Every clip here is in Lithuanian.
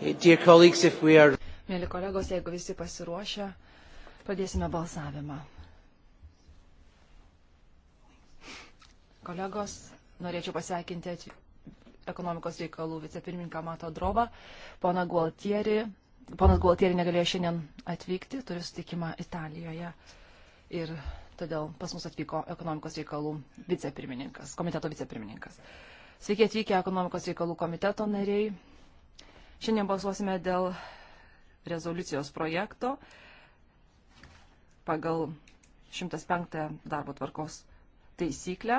Are... Mėly kolegos, jeigu visi pasiruošę, pradėsime balsavimą. Kolegos, norėčiau pasveikinti ekonomikos reikalų vicepirmininką Mato Drobą, poną Gualtierį. Ponas Gualtierį negalėjo šiandien atvykti, turi sutikimą Italijoje. Ir todėl pas mus atvyko ekonomikos reikalų vicepirmininkas, komiteto vicepirmininkas. Sveiki atvykę ekonomikos reikalų komiteto nariai, Šiandien balsuosime dėl rezoliucijos projekto pagal 105 darbo tvarkos taisyklę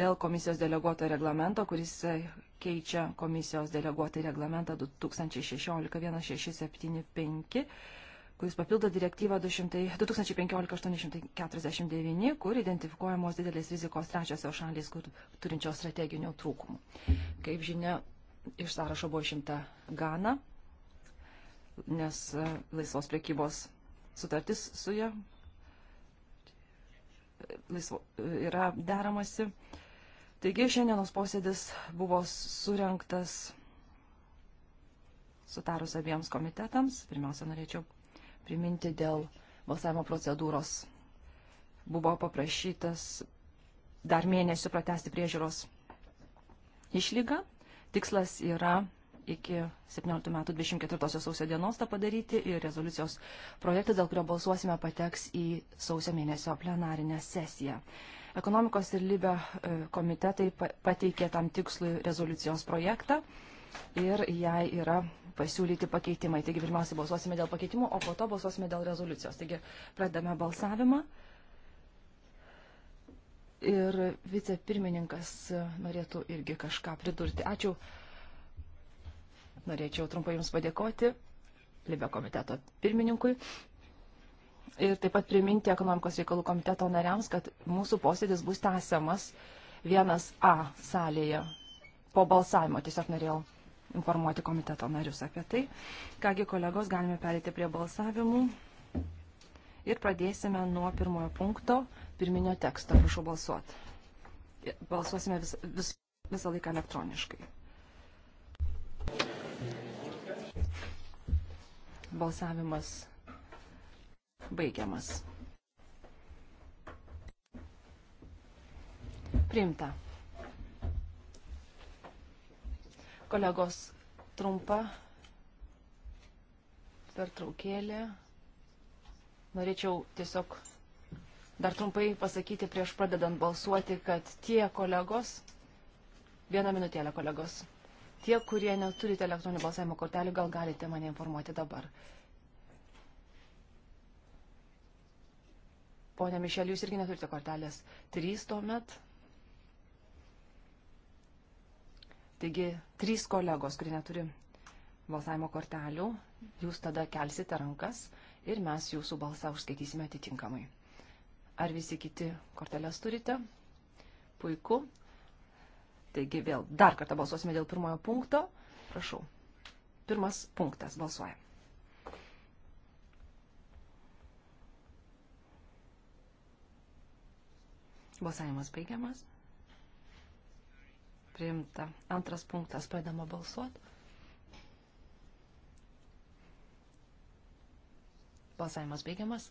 dėl komisijos deleguoto reglamento, kuris e, keičia komisijos deleguotą reglamentą 2016-1675, kuris papildo direktyvą 2015-849, kur identifikuojamos didelės rizikos trečiosios šalys, kur turinčios strateginių trūkumų. Kaip žinia, Iš sąrašo buvo išimta Gana, nes e, laisvos priekybos sutartis su ja e, laisvo, e, yra deramasi. Taigi šiandienos posėdis buvo surinktas sutarus abiems komitetams. Pirmiausia, norėčiau priminti dėl balsavimo procedūros. Buvo paprašytas dar mėnesių pratesti priežiūros išlygą Tikslas yra iki 17 metų 24 sausio dienos tą padaryti ir rezoliucijos projektas, dėl kurio balsuosime, pateks į sausio mėnesio plenarinę sesiją. Ekonomikos ir Libė e, komitetai pateikė tam tikslui rezoliucijos projektą ir jai yra pasiūlyti pakeitimai. Taigi pirmiausia balsuosime dėl pakeitimų, o po to balsuosime dėl rezoliucijos. Taigi pradame balsavimą ir vicepirmininkas norėtų irgi kažką pridurti. Ačiū. Norėčiau trumpai Jums padėkoti, Libė komiteto pirmininkui. Ir taip pat priminti ekonomikos reikalų komiteto nariams, kad mūsų posėdis bus tęsiamas 1A salėje po balsavimo. Tiesiog norėjau informuoti komiteto narius apie tai. Kągi kolegos, galime perėti prie balsavimų ir pradėsime nuo pirmojo punkto pirminio teksto. Prašau balsuoti. Balsuosime vis, vis, visą laiką elektroniškai. Balsavimas baigiamas. Priimta. Kolegos, trumpa pertraukėlė. Norėčiau tiesiog dar trumpai pasakyti prieš pradedant balsuoti, kad tie kolegos, vieną minutėlę kolegos, tie, kurie neturite elektroninio balsavimo kortelių, gal galite mane informuoti dabar. Pone Mišel, jūs irgi neturite kortelės. Trys tuomet. Taigi, trys kolegos, kurie neturi balsavimo kortelių, jūs tada kelsite rankas ir mes jūsų balsą užskaitysime atitinkamai. Ar visi kiti korteles turite? Puiku. Taigi vėl dar kartą balsuosime dėl pirmojo punkto. Prašau. Pirmas punktas balsuoja. Balsavimas baigiamas. Priimta. Antras punktas pradama balsuoti. Balsavimas baigiamas.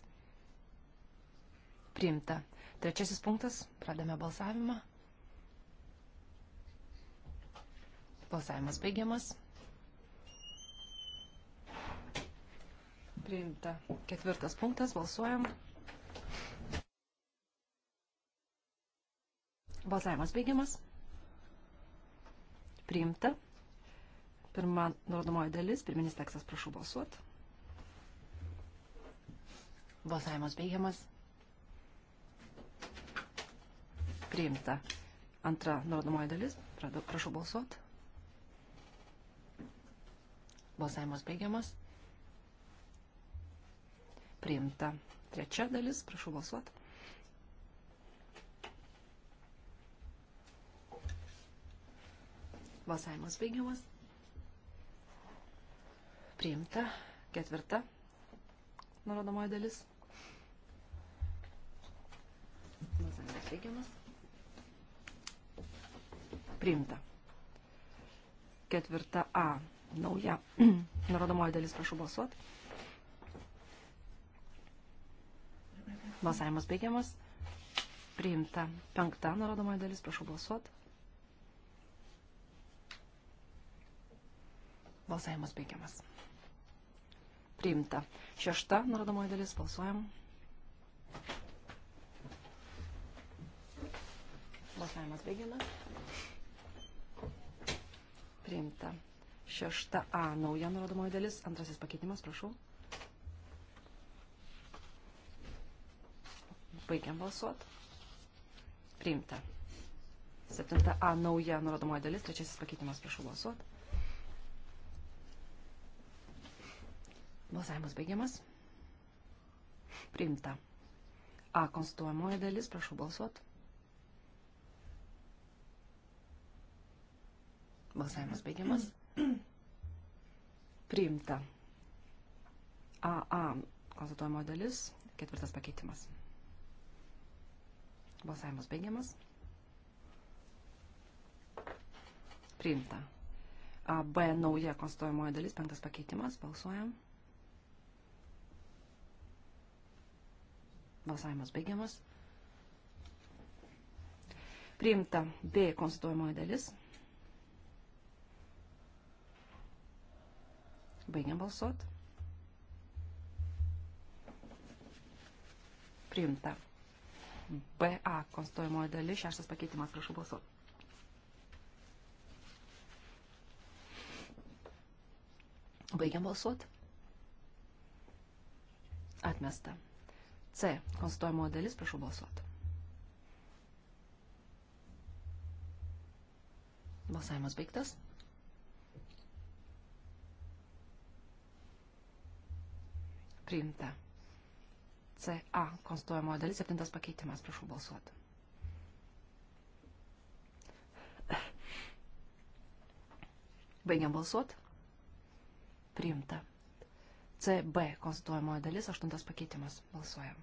Priimta. Trečiasis punktas. Pradame balsavimą. Balsavimas baigiamas. Priimta. Ketvirtas punktas. Balsuojam. Balsavimas baigiamas. Priimta. Pirma nurodomoji dalis. Pirminis tekstas. Prašau balsuoti. Balsavimas baigiamas. Priimta. Antra nurodomoji dalis. Prašau balsuot. Balsavimas baigiamas. Priimta. Trečia dalis. Prašau balsuot. Balsavimas baigiamas. Priimta. Ketvirta nurodomoji dalis. Balsavimas baigiamas. Priimta. Ketvirta A. Nauja. Nurodomoji dalis, prašau balsuoti. Balsavimas baigiamas. Priimta. Penkta nurodomoji dalis, prašau balsuoti. Balsavimas baigiamas priimta. Šešta nurodomoji dalis, balsuojam. Balsavimas baigiamas. Priimta. Šešta A, nauja nurodomoji dalis, antrasis pakeitimas, prašau. Baigiam balsuot. Priimta. Septinta A, nauja nurodomoji dalis, trečiasis pakeitimas, prašau balsuot. Balsavimas baigiamas. Priimta. A konstituojamoji dalis, prašau balsuot. Balsavimas baigiamas. Priimta. AA konstatuojamo dalis, ketvirtas pakeitimas. Balsavimas baigiamas. Priimta. AB nauja konstatuojamoji dalis, penktas pakeitimas, balsuojam. Balsuojam. Balsavimas baigiamas. Priimta B konstatuojamoji dalis. Baigiam balsuot. Priimta. BA konstatuojamoji dalis, šeštas pakeitimas, prašau balsuot. Baigiam balsuot. Atmesta. C. Konstatuojamo dalis, prašau balsuoti. Balsavimas baigtas. Priimta. CA. Konstatuojamo dalis, septintas pakeitimas, prašau balsuoti. Baigiam balsuoti. Priimta. CB konstatuojamoji dalis, aštuntas pakeitimas. Balsuojam.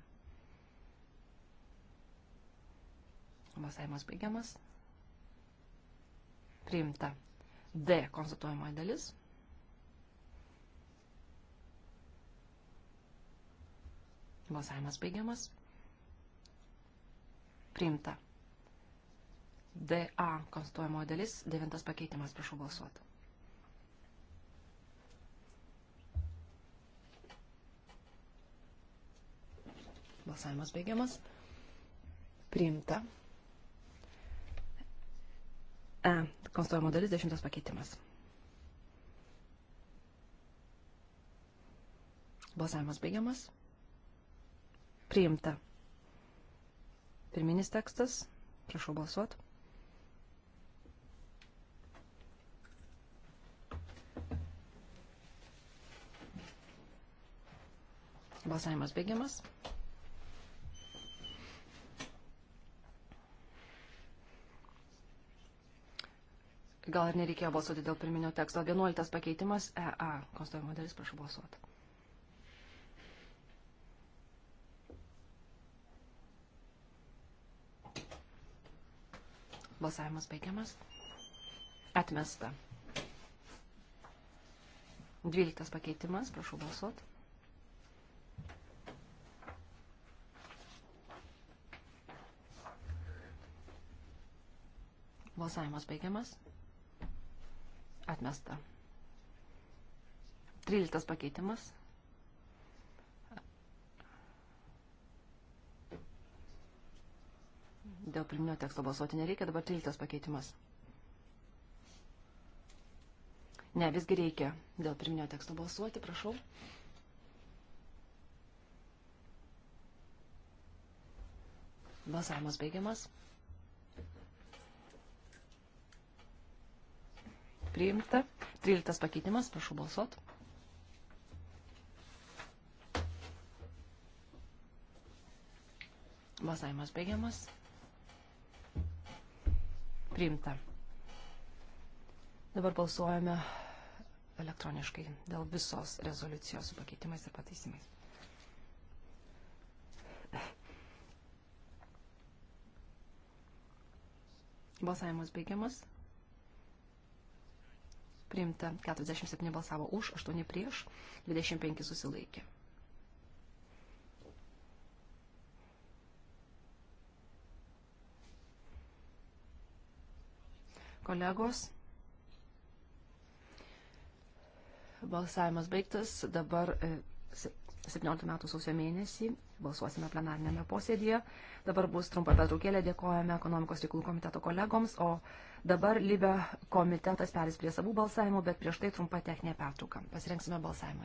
Balsavimas baigiamas. Priimta. D konstatuojamoji dalis. Balsavimas baigiamas. Priimta. DA konstatuojamoji dalis, devintas pakeitimas, prašau balsuoti. Balsavimas baigiamas. Priimta. E. Konstruojamo dalis dešimtas pakeitimas. Balsavimas baigiamas. Priimta. Pirminis tekstas. Prašau balsuot. Balsavimas baigiamas. gal ir nereikėjo balsuoti dėl pirminio teksto. 11 pakeitimas EA. Konstatuojama dalis, prašau balsuoti. Balsavimas baigiamas. Atmesta. 12 pakeitimas, prašau balsuoti. Balsavimas baigiamas. Atmesta. 13 pakeitimas. Dėl pirminio teksto balsuoti nereikia, dabar 13 pakeitimas. Ne, visgi reikia dėl pirminio teksto balsuoti, prašau. Balsavimas baigiamas. priimta. 13 pakeitimas, prašau balsuot. Balsavimas baigiamas. Priimta. Dabar balsuojame elektroniškai dėl visos rezoliucijos su pakeitimais ir pataisimais. Balsavimas baigiamas. Priimta 47 balsavo už, 8 prieš, 25 susilaikė. Kolegos, balsavimas baigtas, dabar e, 17 metų sausio mėnesį, balsuosime plenarnėme posėdėje. Dabar bus trumpa pertraukėlė, dėkojame ekonomikos reikalų komiteto kolegoms, o dabar Libė komitetas perės prie savų balsavimų, bet prieš tai trumpa techninė pertrauka. Pasirinksime balsavimą.